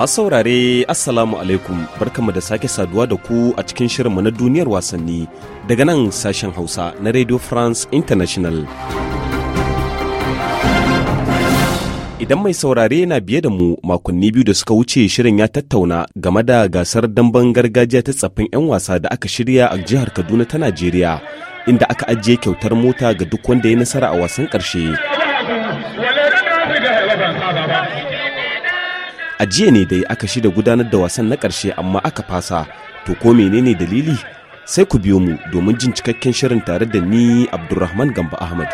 Masu saurare Assalamu alaikum barkamu da sake saduwa da ku a cikin shirinmu na duniyar wasanni daga nan sashen Hausa na Radio France International. Idan mai saurare na biye da mu makonni biyu da suka wuce shirin ya tattauna game da gasar damben gargajiya ta tsaffin 'yan wasa da aka shirya a jihar Kaduna ta Najeriya inda aka ajiye kyautar mota ga duk wanda ya nasara a wasan ƙarshe. a jiya ne dai aka shida gudanar da wasan na ƙarshe amma aka fasa to ko menene dalili sai ku biyo mu domin jin cikakken shirin tare da ni abdulrahman gamba ahmad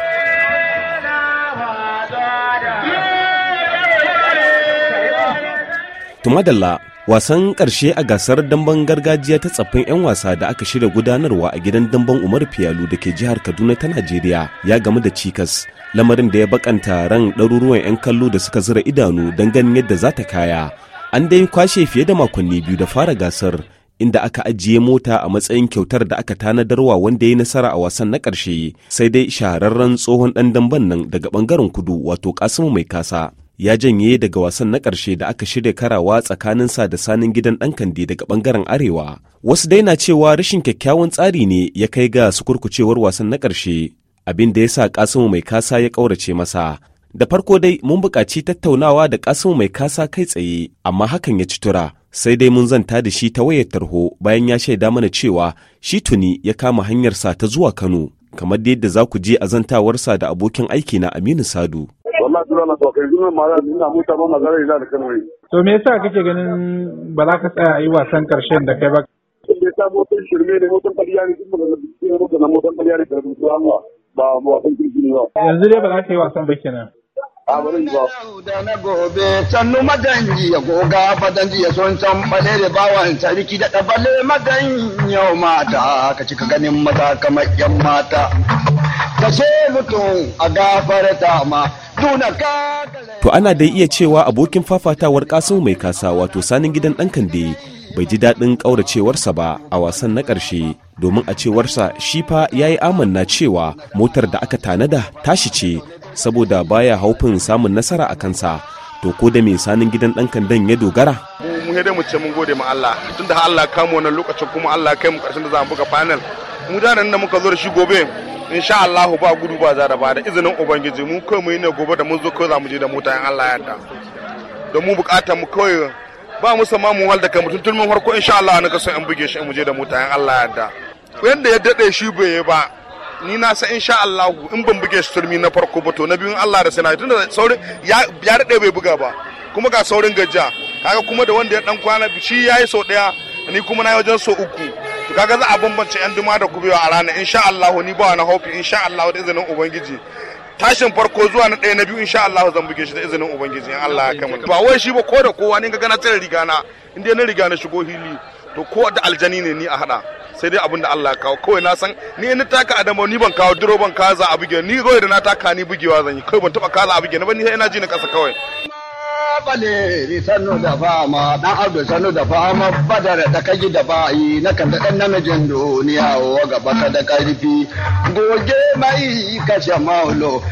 tumadalla wasan ƙarshe a gasar damben gargajiya ta tsaffin 'yan wasa da aka shirya gudanarwa a gidan damben umar fiyalu da ke jihar kaduna ta najeriya ya gamu da cikas lamarin da ya bakanta ran ɗaruruwan 'yan kallo da suka zura idanu don ganin yadda za ta kaya an dai kwashe fiye da makonni biyu da fara gasar inda aka ajiye mota a matsayin kyautar da aka tanadarwa wanda ya yi nasara a wasan na ƙarshe sai dai shahararren tsohon ɗan damben nan daga ɓangaren kudu wato kasimu mai kasa ya janye daga wasan na ƙarshe da aka shirya karawa tsakaninsa da sanin gidan ɗan Kande daga ɓangaren arewa wasu dai na cewa rashin kyakkyawan tsari ne ya kai ga su kurkucewar wasan na ƙarshe abin da ya sa kasimu mai kasa ya ƙaurace masa da farko dai mun buƙaci tattaunawa da kasimu mai kasa kai tsaye amma hakan ya ci tura sai dai mun zanta da shi ta wayar tarho bayan ya shaida mana cewa shi tuni ya kama hanyarsa ta zuwa kano kamar da yadda za ku je a zantawarsa da abokin aiki na aminu sadu wallahi dole na to kai zuwa mara ni na mutu ba magana ina da kanwai to me yasa kake ganin ba za ka tsaya yi wasan karshen da kai ba da ta motar shirme ne motar ƙarya ne kuma da bikin motar na motar ƙarya ne da rubutu amma ba wasan kirki ba yanzu dai ba za ka yi wasan ba kenan a ba da na gobe sannu madanji ya goga fadanji ya son can bale da bawan sarki da ɗabale madan yau mata ka cika ganin mata kamar yan mata kashe mutum a gafarta ma To ana dai iya cewa abokin fafatawar Kasimu mai kasa wato sanin gidan ɗan kande bai ji daɗin ƙauracewarsa ba a wasan na ƙarshe domin a cewarsa shi fa ya yi amanna cewa motar da aka tanada tashi ce saboda baya haufin samun nasara a kansa to ko da mai sanin gidan ɗan kandan ya dogara. Mu dai mu ce mun gode ma Allah tunda Allah kamo wannan lokacin kuma Allah kai mu ƙarshen da za buga final mu da nan da muka zo da shi gobe insha Allah ba gudu ba za da ba da izinin ubangiji mu kai mu yi ne gobe da mun zo kai za mu je da mota Allah ya da da mu bukata mu kai ba mu sama mu halda kai mutum tun mun farko insha Allah na kasan an buge shi mu je da mota Allah ya da. wanda ya dade shi bai yi ba ni na san insha Allah in ban buge shi turmi na farko ba to na biyun Allah da sana'a tunda saurin ya ya dade bai buga ba kuma ga saurin gajja kaga kuma da wanda ya dan kwana shi yayi sau daya ni kuma na yi wajen sau uku to kaga za a bambance yan duma da kubewa a ranar insha Allah ni ba na haufi insha Allah da izinin ubangiji tashin farko zuwa na ɗaya na biyu insha Allah zan buge shi da izinin ubangiji in Allah ya kama ba wai shi ba ko da kowa ne ga na tare riga na in dai na riga na shigo hili to ko da aljani ne ni a hada sai dai abin da Allah ya kawo kawai na san ni in taka adamo ni ban kawo duro ban kaza a buge ni kawai da na taka ni bugewa zan yi kawai ban taba kaza a buge na ba ni sai ina ji na kasa kawai kwale sannu da fama dan abdu sannu da fama badar da kaji da bayi na kan da dan namijin duniya wa gaba ka da karfi goge mai kashe maulo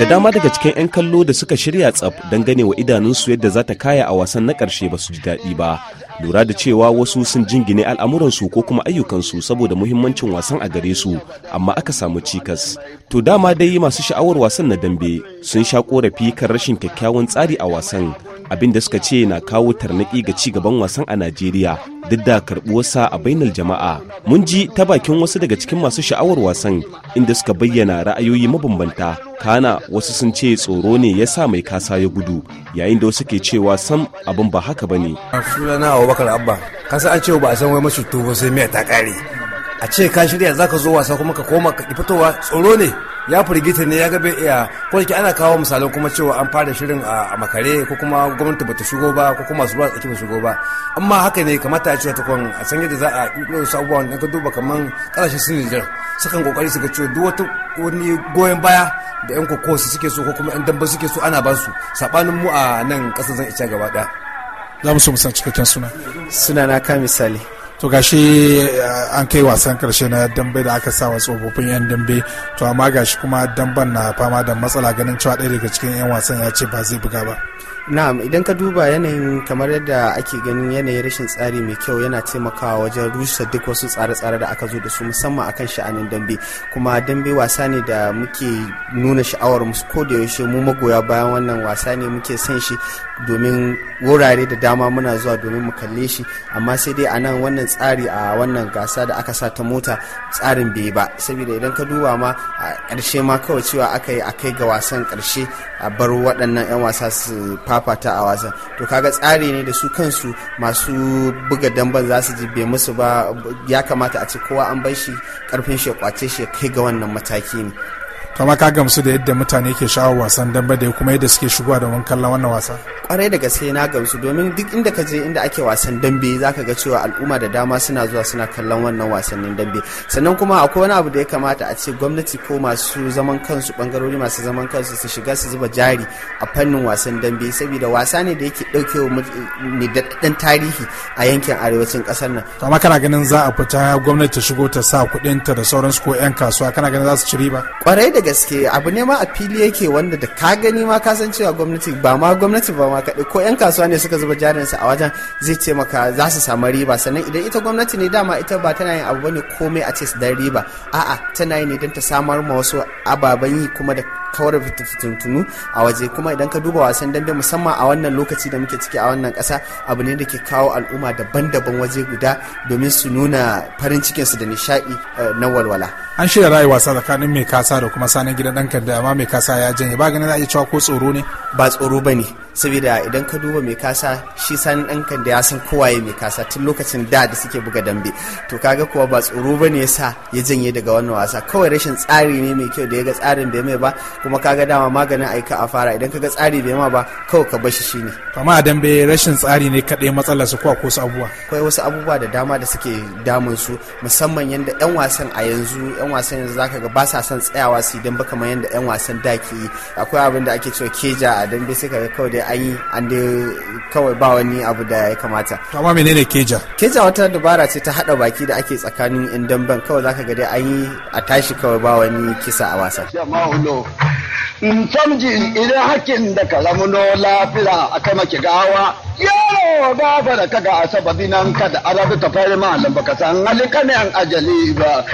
da dama daga cikin 'yan kallo da suka shirya tsaf don gane wa idanunsu yadda za ta kaya a wasan na ƙarshe ba su ji daɗi ba lura da cewa wasu sun jingine al'amuransu ko kuma ayyukansu saboda muhimmancin wasan a gare su amma aka samu cikas to dama dai masu sha'awar wasan na dambe sun sha korafi kan rashin kyakkyawan tsari a wasan abin da suka ce na kawo tarnaki ga ci gaban wasan a najeriya duk da karɓuwarsa a bainar jama'a mun ji ta bakin wasu daga cikin masu sha'awar wasan inda suka bayyana ra'ayoyi mabambanta kana wasu sun ce tsoro ne ya sa mai kasa ya gudu yayin da wasu ke cewa sam abin ba haka ba ne sunana abubakar abba kasa an ce ba a san wai masu tubo sai miya ta kare a ce ka shirya zaka zo wasa kuma ka koma ka fitowa tsoro ne ya firgita ne ya ga bai iya ko da ana kawo misalan kuma cewa an fara shirin a makare ko kuma gwamnati bata shigo ba ko kuma zuwa tsaki ba shigo ba amma haka ne kamata a ce ta kon a san yadda za a kiro su abubuwan da ka duba kaman kasashen su Niger sukan kokari su ga cewa duk wata wani goyon baya da yan su suke so ko kuma yan damba suke so ana ba su sabanin mu a nan kasar zan iya gaba daya za mu so mu san cikakken suna suna na ka misali to gashi eh, an kai wasan karshe na dambe da aka sawa tsofaffin 'yan dambe to amma gashi kuma damben na fama da matsala ganin cewa ɗaya daga cikin 'yan wasan ya ce ba zai buga ba na'am idan ka duba yanayin kamar yadda ake ganin yanayin rashin tsari mai kyau yana taimakawa wajen rusa duk wasu tsare-tsare da aka zo da su musamman akan sha'anin dambe kuma dambe wasa ne da muke nuna sha'awar musu ko da yaushe mu magoya bayan wannan wasa ne muke son shi domin wurare da dama muna zuwa domin mu kalle shi amma sai dai a nan wannan tsari a wannan gasa da aka sa ta mota tsarin bai ba saboda idan ka duba ma a ƙarshe ma kawai cewa aka yi a kai ga wasan ƙarshe a bar waɗannan 'yan wasa su fa fafata a wasan to kaga tsari ne da su kansu masu buga damban za su ji bai musu ba ya kamata a ci kowa an bar shi karfin shi kwace shi kai ga wannan mataki ne kama ka gamsu da yadda mutane ke sha'awar wasan dambe da kuma yadda suke shigowa da wani kallon wannan wasa kwarai da gaske na gamsu domin duk inda ka je inda ake wasan dambe zaka ga cewa al'umma da dama suna zuwa suna kallon wannan wasannin dambe sannan kuma akwai wani abu da ya kamata a ce gwamnati ko masu zaman kansu bangarori masu zaman kansu su shiga su zuba jari a fannin wasan dambe saboda wasa ne da yake daukewa wa da tarihi a yankin arewacin kasar nan Kama kana ganin za a fita gwamnati ta shigo ta sa kuɗinta da sauransu ko 'yan kasuwa kana ganin za su ci riba kwarai da gaske abu ne ma a fili yake wanda da ka gani ma ka san cewa gwamnati ba ma gwamnati ba ma kaɗai ko 'yan kasuwa ne suka zuba jarinsa a wajen zai ce maka za su samu riba sannan idan ita gwamnati ne dama ita ba tana yin abu bane komai a ce su dan riba a'a tana yi ne don ta samar ma wasu ababen yi kuma da kawar fitintunu a waje kuma idan ka duba wasan dambe musamman a wannan lokaci da muke ciki a wannan kasa abu ne da ke kawo al'umma daban-daban waje guda domin su nuna farin cikinsu da nishaɗi eh, na walwala an shirya rayuwa tsakanin mai kasa da kuma kasa gidan ɗan da amma mai kasa ya janye ba ganin za a iya cewa ko tsoro ne ba tsoro ba ne saboda idan ka duba mai kasa shi dan ɗankan da ya san kowaye mai kasa tun lokacin da da suke buga dambe to kaga kuwa ba tsoro ba ne yasa ya janye daga wannan wasa kawai rashin tsari ne mai kyau da ya ga tsarin bai mai ba kuma kaga dama maganin aika a fara idan kaga tsari bai ma ba kawai ka bashi shine amma a dambe rashin tsari ne kaɗai matsalar su ko su abubuwa akwai wasu abubuwa da dama da suke damun su musamman yanda yan wasan a yanzu yan wasan yanzu zaka ga ba sa son tsayawa su idan ba kamar yanda yan wasan da ke yi akwai abin da ake cewa keja a dambe sai kaga kawai an yi an kawai ba wani abu da ya kamata to menene keja keja wata dabara ce ta haɗa baki da ake tsakanin yan damban kawai zaka ga dai an yi a tashi kawai ba wani kisa a wasa samji idan hakin da no lafiya a kama gawa yaro ba da kaga a sababi nan kada arabu ta fari da baka san hali ne an ajali ba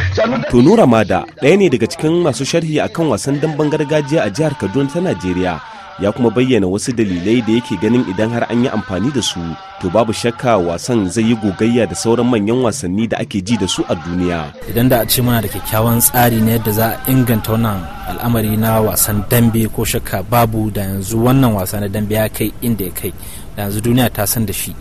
to nura mada ɗaya ne daga cikin masu sharhi akan wasan damben gargajiya a jihar kaduna ta najeriya ya kuma bayyana wasu dalilai da yake ganin idan har an yi amfani da su to babu shakka wasan zai yi gogayya da sauran manyan wasanni da ake ji da su a duniya idan da a ce muna da kyakkyawan tsari na yadda za a inganta wannan al'amari na wasan dambe ko shakka babu da yanzu wannan wasa na dambe ya kai inda ya kai da yanzu duniya ta san da shi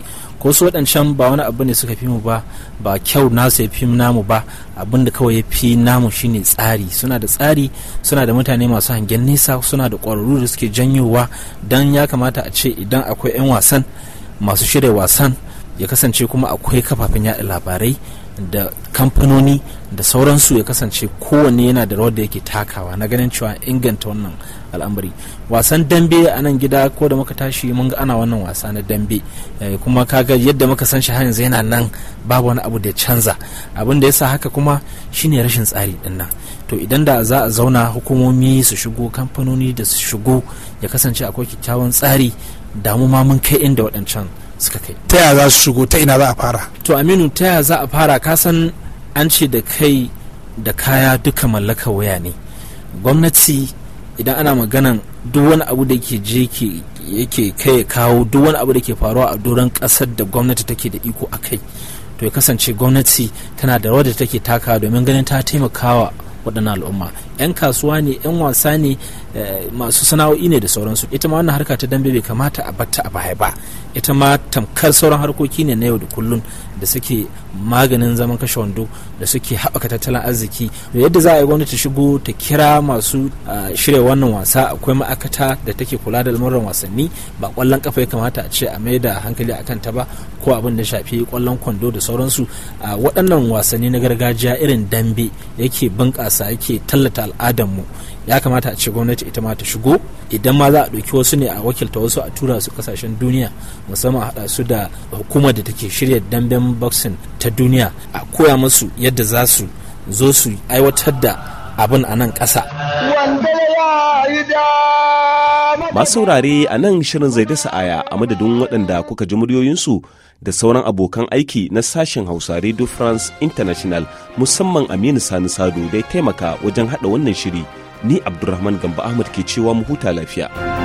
ko su waɗancan ba wani abu ne suka fi mu ba ba kyau nasu ya fi namu ba abin da kawai ya fi namu shine tsari suna da tsari suna da mutane masu hangen nesa suna da ƙwararru da suke janyowa don ya kamata a ce idan akwai 'yan wasan masu shirya wasan ya kasance kuma akwai kafafen yada labarai da kamfanoni da sauransu ya kasance kowanne yana da rawar da yake takawa na ganin cewa inganta wannan al'amari wasan dambe a nan gida ko da muka tashi mun ga ana wannan wasa na dambe eh, kuma kaga yadda muka san shi har yanzu yana nan babu wani abu da ya canza abin da yasa haka kuma shine rashin tsari din to idan da za a zauna hukumomi su shigo kamfanoni da su shigo ya kasance akwai kyakkyawan tsari damu ma mun kai inda waɗancan suka kai ta yaya za su shigo ta ina za a fara to aminu ta yaya za a fara ka san an ce da kai da kaya duka mallaka waya ne gwamnati idan ana maganan duk wani abu da ke je yake kai kawo duk wani abu da ke faruwa a doron kasar da gwamnati take da iko a kai to ya kasance gwamnati tana da rawar da take takawa domin ganin ta taimakawa waɗannan al'umma 'yan kasuwa ne 'yan wasa ne eh, masu sana'o'i ne da sauransu ita ma wannan harka ta dambe bai kamata a batta a baya ba ita ma tamkar sauran harkoki ne na yau da kullun da suke maganin zaman kashe wando da suke haɓaka tattalin arziki da yadda za a yi gwamnati shigo ta kira masu ah, shirya wannan wasa akwai ma'aikata da take kula da lamuran wasanni ba kwallon kafa ya kamata a ce a mai da hankali a kanta ba ko abin da shafi kwallon kwando da sauransu ah, waɗannan wasanni na gargajiya irin dambe yake bunƙasa yake tallata al'adar al'adarmu ya kamata a ce gwamnati ita ma ta shigo idan ma za a ɗauki wasu ne a wakilta wasu a tura su kasashen duniya musamman a haɗa su da hukumar da take shirya damben boxing ta duniya a koya musu yadda za su zo su aiwatar da abin a nan ƙasa. Wanda masu saurare a nan shirin zai da aya a madadin waɗanda kuka ji muryoyinsu da sauran abokan aiki na sashen hausa radio france international musamman aminu sani sado dai taimaka wajen haɗa wannan shiri ni abdulrahman gamba ahmad ke cewa mu huta lafiya.